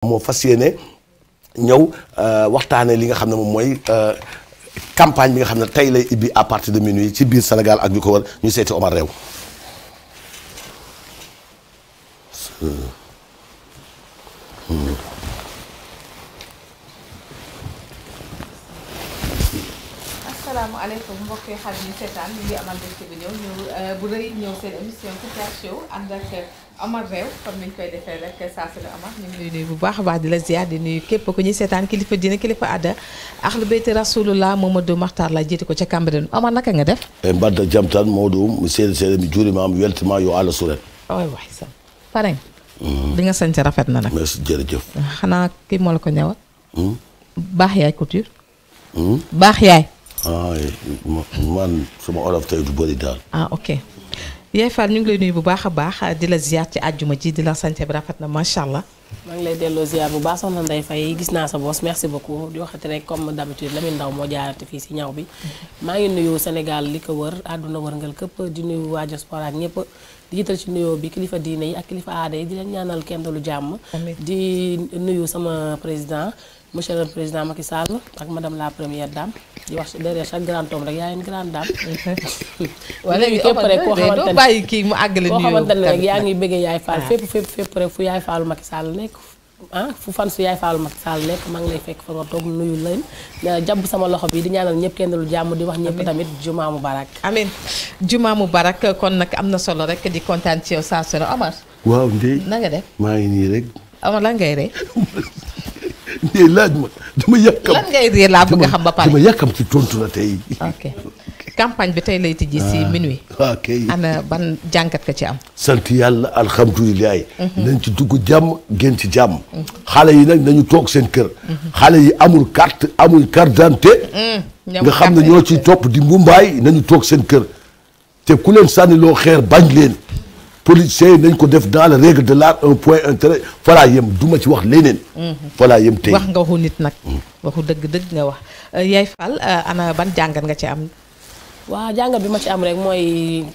moo fas yéene ñëw euh, waxtaanee li nga xam ne moom mooy euh, campagne bi nga xam ne tey lay ibbi à partir de minuit ci biir Sénégal ak bi ko war ñu seeti Omar Rew. Amar Réew comme niñ koy defee rek saa su ne Amar ñu ngi lay bu baax a baax di la ziar di nuyu képp ku ñuy seetaan kilifa diine kilifa àdda ahlu beyti rasulullah Mamadou Makhtar la jiite ko ca Cambérène Amar naka nga def e mbadda jam tan mawɗum mi seeɗa seeɗa mi juurima mi weltama yo Allah suren ay waay sam pareŋ mm-hmm. li nga sañse rafet na nag merci jërëjëf xanaa kii ko ñëwal hmm? baax yaay couture hmm? baax yaay ay man sama olof tey du bëri daal ah, ok Yaay Fall ñu ngi lay nuyu bu baax a baax di la ziar ci àjjuma ji di la sante bi rafet na macha allah. maa ngi lay delloo ziar bu baax soxna Ndeye Faye gis naa sa boss merci beaucoup di waxati rek comme d'habitude Lamine Ndaw moo jaarate fii si ñaw bi. maa ngi nuyu Sénégal li ko wër àdduna wërngal këpp di nuyu waa diaspora ak ñëpp. di jiital ci nuyoo bi kilifa diine yi ak kilifa aada yi di leen ñaanal kenn lu jàmm. di nuyu sama président. monsieur le président Macky Sall ak madame la première dame di wax derrière chaque grand homme rek yaa une grande dame. waaw léegi képp rek kii mu àggale koo xamante ngi bëggee yaay faal ah. fépp fépp fépp rek fu yaay faalu Macky Sall nekk. Ah, fu fan su yaay faalu Macky Sall nekk maa ngi lay fekk fa nga toog nuyu leen jàpp sama loxo bi di ñaanal ñëpp kenn lu jàmm di wax ñëpp tamit juma mubarak. amiin juma mubarak kon nag am na solo rek di kontaan ci yow saa su Omar. waaw Ndeye na nga def maa ngay rey. ndey laaj ma dama yàkkam a xam ba ci tontu la tey. ok bi tey lay tijji si ah. minuit. ok ana ban jàngat ka ci am. sant yàlla alhamdulilah. Mhm. nañ ci dugg jàmm génn ci jàmm. Mhm. xale yi nag nañu toog seen kër. Mhm. xale yi amul carte amul carte d'identité nga xam ne ñoo ci topp di mbumbaay nañu toog seen kër. te ku leen sànni loo xeer bañ leen. politiciens yi nañ ko def dans la de l'art un point intérêt falaa yem du ma ci wax leneen. falaa mhm. yem tey wax nga waxu nit nag. Mhm. waxu dëgg-dëgg nga wax euh, Yaay Fall euh, ana ban jàngat nga ci am. waaw jàngat bi ma ci am rek mooy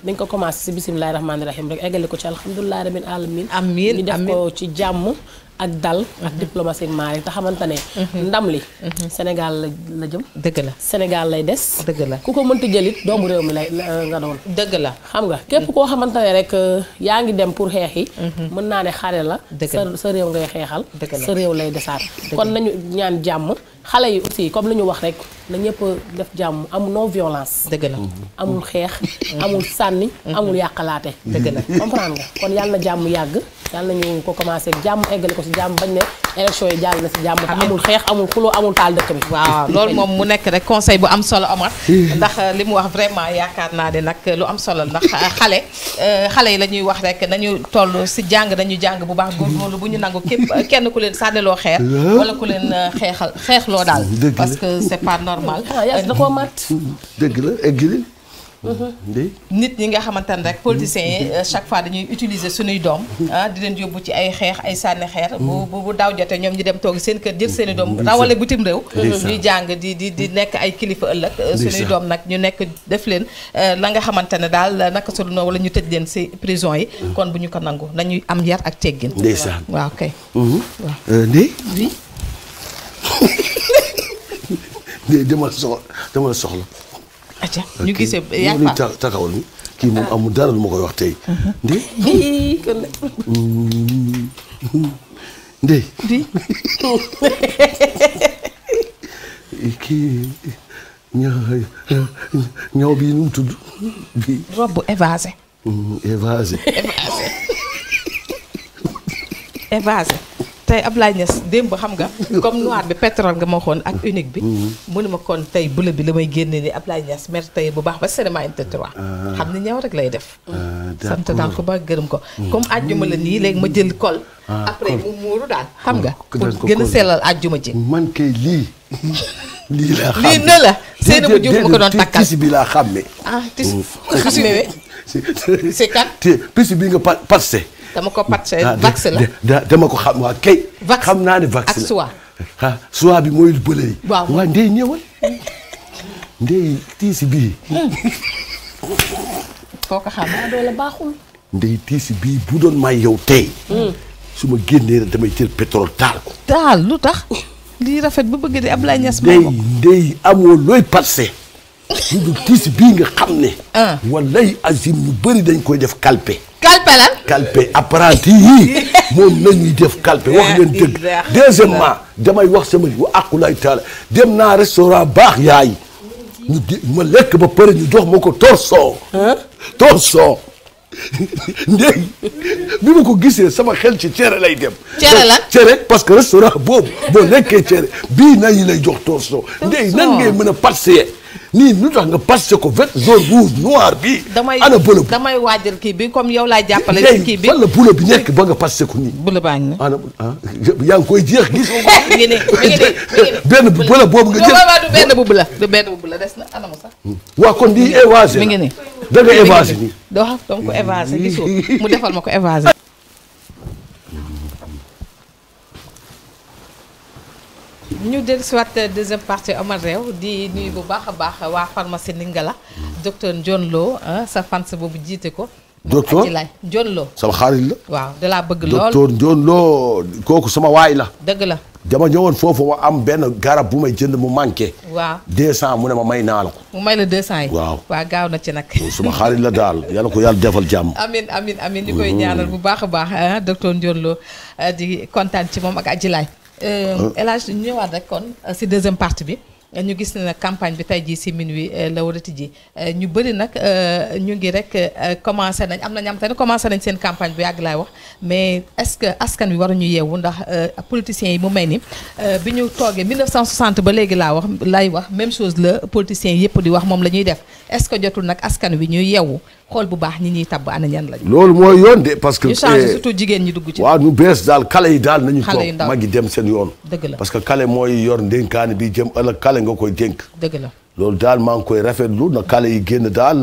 dañ ko commencé si bisimilahi rahmaani rahim rek eggale ko ci alhamdulilah rabbil alamin amin ñu def ko ci jàmm. ak dal ak diplomatie maari te xamante ne mhm. ndam li mhm. Sénégal la jëm dëgg la Sénégal lay des dëgg la ku ko mënta jëlit doomu réew mi lay euh, nga doon dëgg la xam nga képp koo xamante ne rek euh, yaa ngi dem pour xeex yi mhm. mën naa ne xare la sa sa réew ngay xeexal sa réew lay desaat kon nañu ñaan jàmm xale yi aussi comme lu ñu wax rek na ñëpp def jàmm amul non violence. dëgg la amul xeex. amul sànni. amul yàqalaate. dëgg la comprendre nga kon yàlla na jàmm yàgg. yàlla nañu ko commencé jàmm eggale ko si jàmm bañ ne élection yi jàll na si jàmm. amul xeex amul xuloo amul taal dëkk bi. waaw loolu moom mu nekk rek conseil bu am solo Omar. ndax euh, li mu wax vraiment yaakaar naa ne nag lu am solo ndax euh, xale. Euh, xale yi lañuy wax rek nañu toll si jàng nañu jàng bu baax góorgóorlu bu ñu nangu kenn ku leen sànniloo xeer. wala seetloo daal. parce que c'est pas normal. Ah, da koo mat. dëgg la egg mhm. nit ñi nga xamante ne rek politiciens yi euh, chaque fois dañuy utiliser suñuy doom ah, di leen yóbbu ci ay xeex ay sànni xeer mhm. bu bu daaw jotee ñoom ñu dem toog seen kër jël seeni i doom mhm. rawale bitim réew ñuy jàng di di di nekk ay kilifa ëllëg euh, suñuy doom nag ñu nekk def leen euh, la nga xamante ne daal naka sulu noo wala ñu tëj leen si prison yi kon bu ñu ko nangu nañuy am yar ak teggin ndeysaan waaw kay de demal soxla demal soxla. atia euh, ñu gisee yaa ngi kii moom amul dara lu ma koy wax tey. ndey. Uh-huh. ndey. di. kii ñaw bii nu mu tudd. bii robe évasée. Mm, évasée. tey ab Ablaye Niass démb xam nga comme noir bi pétrole nga ma waxoon ak unique bi mm-hmm. mu ne ma kon tey bleu bi la may génne ab Ablaye Niass mer tey bu baax ba cinéma inte 3 xam ni ñëw rek lay def ah, sant daal ko ba gërëm ko mm. comme àjjuma la nii léegi ma jël kol ah, après mu muuru daal ah, xam nga pour gën a sellal àjjuma ji man kay lii lii laa xam lii na la seen bu jub ma ko doon takkal tis bi laa xàmme ah tis xamee bi nga passé dama ko pàcc ah, vax la ko xam waa kay. xam naa ne vax la ak ah, bi mooy bële yi. waaw waaw ndey ñëwal. ndey tiisi bii. Hmm. foo ko xam naa doole baaxul. ndey tiisi bii bu doon may yow tey. Hmm. su ma génnee rek damay jël pétrole taal ko. taal lu tax lii rafet ba bëgg de Ablaye Niass. ma ko ndey amoo looy parce lu dul tiisi bii nga xam ne. Ah. walay azim ñu bëri dañ koy def calpe. calpe lan. calpe apprenti yii moom la ñuy def calpe wax ngeen dëgg. deuxièmement damay wax sama wa aqulay taala dem naa restaurant baax yaay ñu ma lekk ba pare ñu jox ma ko torson. torson. ndey bi ma ko gisee sama xel ci cere lay dem. cere la cere parce que restaurant boobu boo lekkee cere bii nañu lay jox torson. torson nan ngay mën a passer. nii lu tax nga passé ko vert jaune rouge noir bi. ana bële bi damay waajal kii bi comme yaw laa jàppale. ci kii bi fan la bi nekk ba nga passé ko nii. bula baa ngi ana ah yaa ngi koy jeex gis. benn bu bula boobu nga jël. du benn bu bula du benn bu bula des na ana mu sax. Hmm. waa kon di évasé mi ngi ne da nga évasé nii. doo xam donc évasé gisoo mu defal ma ko évasé. ñu dellu si waat deuxième partie Omar Rew di nuyu bu baax a baax waa pharmacie la docteur Ndione loo ah, sa fan fans boobu jiite ko. docteur Ajilaay Ndione Lo sama xarit la. waaw da bëgg lool docteur Ndione Lo kooku sama waay la. dëgg la. dama ñëwoon foofu ma am benn garab bu may jënd mu manqué. waaw 200 mu ne ma may naa la ko. mu may la 200 yi. waaw waaw gaaw na ci nag. suma xarit la daal yàlla ko yàlla defal jàmm. amin amin amin ñu koy ñaanal bu baax a baax ah, docteur Ndione Lo ah, di kontaan ci moom ak jilaay Euh, euh. El Hadj ñëwaat rek kon euh, si deuxième partie bi. ñu gis ne campagne bi tey jii si minuit la war a tijji ñu bëri nag ñu ngi rek commencé nañ am na ñam te ne commencé nañ seen campagne bi yàgg laay wax mais est-ce que askan wi waruñu yeewu ndax politiciens yi mu may ni bi ñu toogee 1960 ba léegi laa wax lay wax même chose la politiciens yëpp di wax moom la ñuy def est-ce que jotul nag askan wi ñuy yeewu xool bu baax ñi ñuy tabb ana ñan lañu. loolu mooy yoon de parce que. ñu changé eh, jigéen ñi dugg ci. waaw ñu bees daal kale yi daal nañu. xale yu ndaw dem seen yoon. dëgg la parce que kale mooy yor ndénkaane bi jëm ëllëg kale nga koy dénk. loolu daal maa ngi koy rafetlu na kale yi génn daal.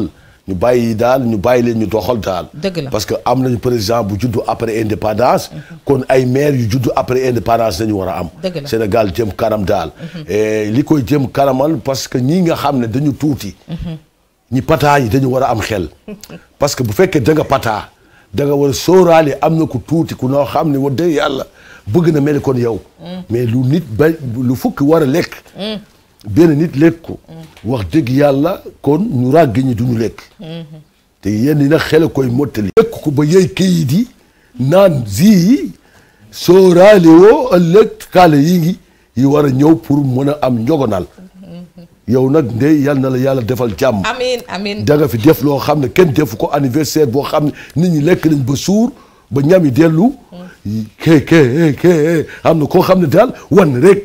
ñu bàyyi daal ñu bàyyi leen ñu doxal daal. dëgg la parce que am nañu président bu juddu après indépendance. Mhm. kon ay maire yu juddu après indépendance dañu war a am. Sénégal jëm kanam daal. Mhm. Eh, li koy jëm kanamal parce que ñii nga xam ne dañu tuuti. Mhm. ñi pataa yi dañu war a am xel parce que bu fekkee da nga pataa da nga war a am na ku tuuti ku noo xam ne wa dëgg yàlla bëgg na mel kon yow mais lu nit ba lu fukk war a lekk benn nit lekk ko wax dëgg yàlla kon ñu ràgg ñi duñu lekk te yenn yi nag xel a koy mottali lekk ko ba yey kayit yi naan zi yi sóoraale woo ëllëg kaale yi ngi yi war a ñëw pour mën a am njogonaal yow nag ndey yal na la yàlla defal jàmm. amiin amiin da nga fi def loo xam ne kenn defu ko anniversaire boo xam ne nit ñi lekk nañ ba suur ba ñam yi dellu. ke ke eh, eh, am na koo xam ne daal wan rek.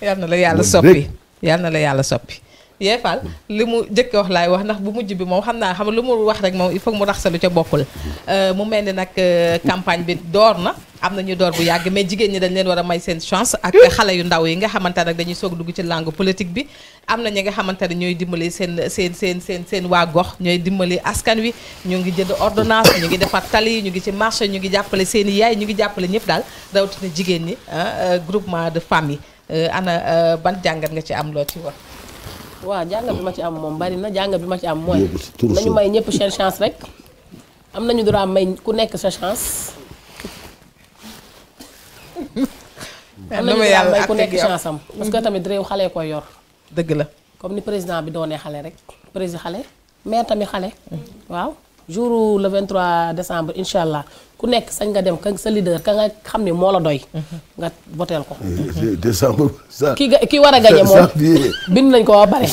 yal na la yàlla soppi yal na la yàlla soppi. yeefal li mu jëkk wax laay wax ndax bu mujj bi moom xam naa xam lu mu wax rek moom il faut mu raxsalu ca bokkul euh, mu mel ni nag euh, campagne bi door na. am na ñu door bu yàgg mais jigéen ñi dañ leen war a may seen chance ak xale yu ndaw yi nga xamante ne dañuy soog dugg ci langue politique bi am na ñi nga xamante ne ñooy dimbali seen seen seen seen waa gox ñooy dimbali askan wi ñu ngi jënd ordonnance ñu ngi defar tali ñu ngi ci marché ñu ngi jàppale seen yaay ñu ngi jàppale ñëpp daal rawatina jigéen ñi ah, euh, groupement de femmes yi euh, euh, ban jàngat nga ci am loo ci wax waaw jàngat bi ma ci am moom bari na jàngat bi ma ci am mooy nañu may ñëpp seen chance rek am nañu droit may ku nekk sa chance lu yàlla ku nekk chance am parce que tamit réew xale ko yor. dëgg la comme ni président bi doonee xale rek président xale maire tamit xale. waaw jour le 23 décembre incha allah ku nekk sañ nga dem ka sa leader ka nga xam ne moo la doy. nga voteel ko. décembre. ki ga war a gañe moom bind nañ ko ba pare.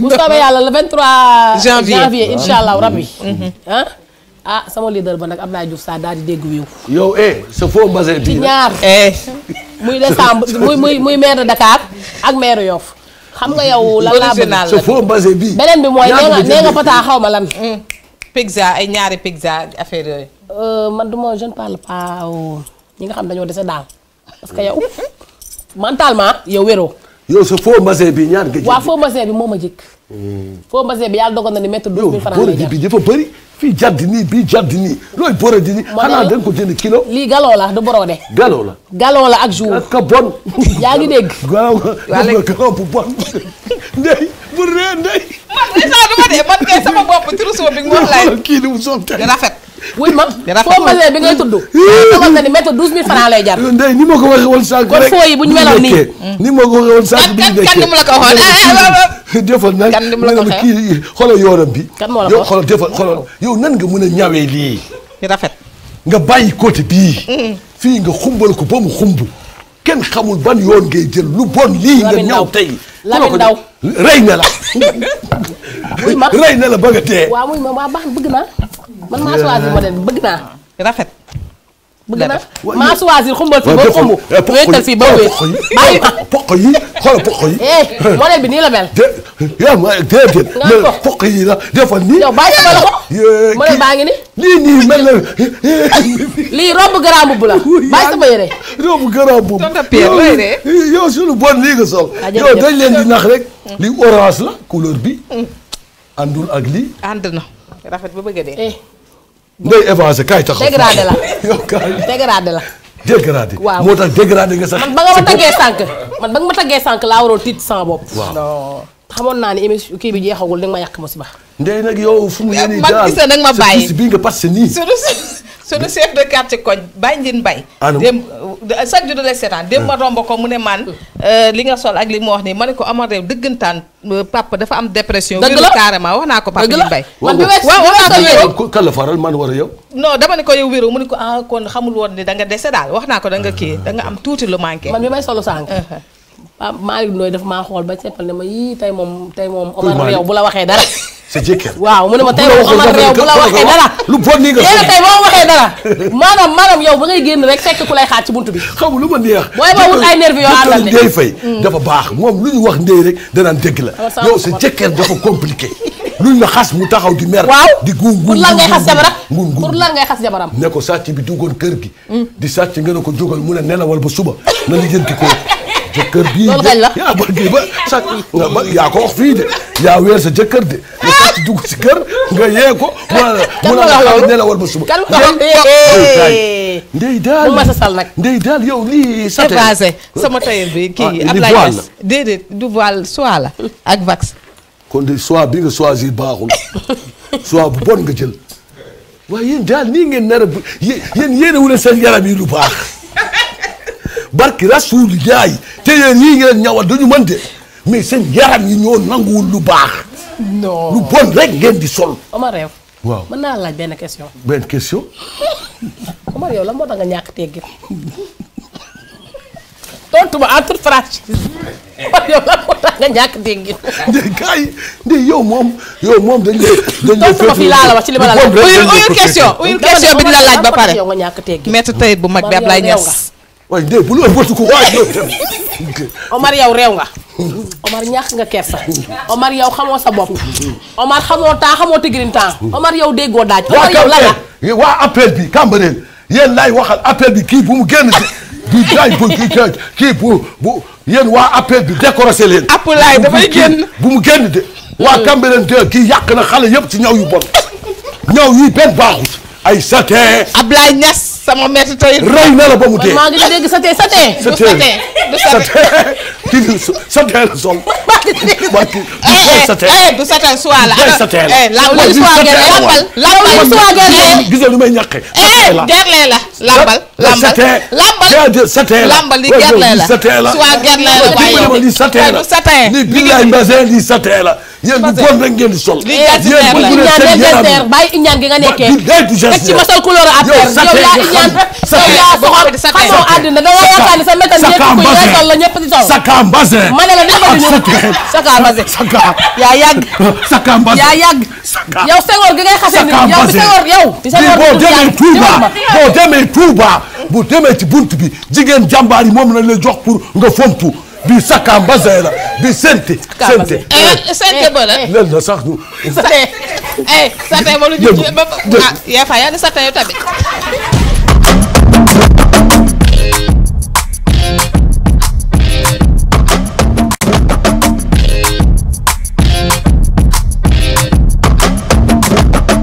bu soobee yàlla le 23. janvier janvier incha allah rabbi mm-hmm. ah. ah sama leader ba nag Abdoulaye Diouf Sarr daal di dégg wiiw yow eh sa foo basé ci ñaar eh. muy décembre muy muy muy maire de Dakar ak maire Yoff xam nga yow lan laa bëgg sa bi beneen nga xaw ma lan hmm. pizza ay ñaari pizza affaire yooyu euh, man du ñi nga xam dañoo dese daal parce que yow hmm. mentalement yow wéroo yow sa foo bi ñaar gëj waaw foo mbase bi moo ma jëkk foo mbase bi yàlla dogal na ni mètre douze mille francs bi dafa bëri fii jàddi nii bii jàddi nii looy borodi nii. xanaa dañ ko jënd kilo. lii galoo la du borode. galoo la. galoo la ak jour. ka bon. yaa ngi dégg. waaw galoo bu bon. ndey bu rëy ndey. man dama de man kay sama bopp turu soo bi mu wax laay. kii ni mu rafet. wuy ma foo malee bi ngay tudd. xamal na ni métti 12000 francs lay jar. ndey ni ma ko waxee woon sànq rek. kon foo yi bu ñu meloon nii. ni ma ko waxee woon sànq bi ñu nekkee. kan kan kan la ko waxoon defal nag kan lim la ko kii xoolal yoonam bi. kan moo xoolal defal xoolal yow nan nga mën a ñawee lii. rafet. nga bàyyi côté bii. Mm. fii nga xumbal ko ba mu xumb. kenn xamul ban yoon ngay jël lu bon lii nga ñaw tey. Lamine Ndaw rey na la. rey na la ba nga tee. waaw muy ma waa baax bëgg naa. man maa choisir modèle bëgg naa rafet. bëgg na maa choisir xumbal fi ba xumb. wéetal eh, fi ba wéet ah, bàyyi ma ah, poq yi xoolal poq yi. Eh, eh. modèle bi nii la mel. yow ma déedéet. poq yi la defal nii. yow bàyyi sama loxo. modèle baa ngi ni. lii nii mel na. lii robe grand boubou la bàyyi sama yére. robe grand boubou. tonton Pierre looy de. yow suñu bon lii nga sol. Ah, yow dañ leen di nax rek. Mm. lii orange la couleur bi. Mm. àndul ak lii. ànd na rafet ba bëgg a dee. ndey avancé kaay taxaw. dégradé la yow kaay moo tax dégradé nga sax. man ba nga ma taggee sànq man ba nga ma taggee sànq laa waroon tiit sama bopp. waaw xamoon naa ni émission kii bi jeex danga ma yàq ma si ba. ndey nag yow fu mu yéene daal man gis ma bàyyi service bi nga passé nii. suñu chef de quartier koñ bàyyi njin bay dem chaque jour da lay seetaan dem ma euh. romb ko mu ne maan euh, li nga sol ak li mu wax nii ma ne ko ama réew dëggantaan euh, papa dafa am dépression wéru carrément wax naa ko papa njin bay waaw wax naa ko wéru kan la faral man war a yow non dama ne ko yow wéru mu ne ko ah kon xamul woon ni da nga dese daal wax naa ko da nga kii da nga am tuuti lu manqué man bi may solo sànq Malick Ndoye dafa maa xool ba seppal ne ma yii tey moom tey moom Omar yow bu la waxee dara sa jëkkër waaw mu ne ma tey boo amal réew bu la waxee dara lu bon nii nga yéen tey boo waxee dara maanaam maanaam yow ba ngay génn rek fekk ku lay xaar ci buntu bi xam lu ma neex booy ma wut ay nervi yoo àndal de Ndeye Faye mm. dafa baax moom lu ñu wax Ndeye rek danaan dëgg la yow sa jëkkër dafa compliqué luñ la xas mu taxaw di mer waaw di guur pour lan ngay xas jabaram pour lan ngay xas jabaram ne ko sàcc bi duggoon kër gi mm. di sàcc nga ne ko jógal mu ne nelawal ba suba na li jënti ko jëkkër bii loolu kañ la yaa ba yaa ko wax fii de yaa weer sa jëkkër de sàcc dugg si kër nga yee ko. mu la wax la war ba suba. nga wax ndey daal mu masa sal nag. ndey daal yow lii. effacé sama tailleur bi ah, kii Ablaye Niass déedéet du voile soie la ak vax. kon de soie bi nga choisir baaxul soie bu bon nga jël waaye yéen ngeen nar a yéen yéen wule seen yaram yi lu baax barki rasuul yaay te yéen yii ngeen ñawal dañu mën de mais seen yaram yi ñoo nanguwul lu baax. non lu bon rek sol. mën naa laaj benn question. benn question. Omar yow la moo tax nga ñàkk teggin. tontu ma entre franchise. Omar yow la moo tax nga ñàkk bi ñu laaj ba pare. yow nga ñàkk teggin. maître tey bu mag bi Ablaye Niass. waaye dégg bu Omar yow réew nga Omar ñàkk nga kersa Omar yow xamoo sa bopp Omar xamoo temps xamoo tigirin temps Omar yow déggoo daaj Omar yow lan waa appel bi Cambérène yéen laay waxal appel bi kii bu mu génn di jaay bu kii bu bu yéen waa appel bi décoré leen appelaay dafay génn bu mu génn de waa hmm. Cambérène de kii yàq na xale yëpp ci ñaw yu bon ñaw yi benn baaxut ay satin Ablaye Niass sama métti tey. rey na la ba mu dee. maa ngi dégg sa tee sa tee. sa tee du sa tee du sa tee la sol. Eh, eh, du sa tee soit la. du sa tee la lambal soit gerte lambal. lambal soit gerte. gisoo li may ñàkkee. gerte la lambal. lambal lambal sa tee la. lambal li gerte la soit gerte la waaye yow. lii sa tee la lii billaay mbasee lii sa tee la. yéen du bon rek ngeen di sol. lii yéen bu ñu ne seen yéen bàyyi ñaan gi nga nekkee. teg ci masal couleur affaire yow yaa ñaan yow yaa soxor xamoo àddina da nga yaakaar ni sa métal yéen ku ñu sol la ñëpp di sol. saka mbase ma ne la dimbali ñu saka mbase saka yaa yàgg saka mbase yaa yàgg yow sengoor gi ngay xasee nii yow bi sengoor yow bi sengoor boo demee Touba boo demee Touba bu demee ci bunt bi jigéen jàmbaar yi moom lañ lay jox pour nga fompu bi sakamba zera bi sente sente eh, eh, sente eh, bala lel na sax ñu sate ay sate mo lu ñu ba ah, ya fa ya sate yo tamit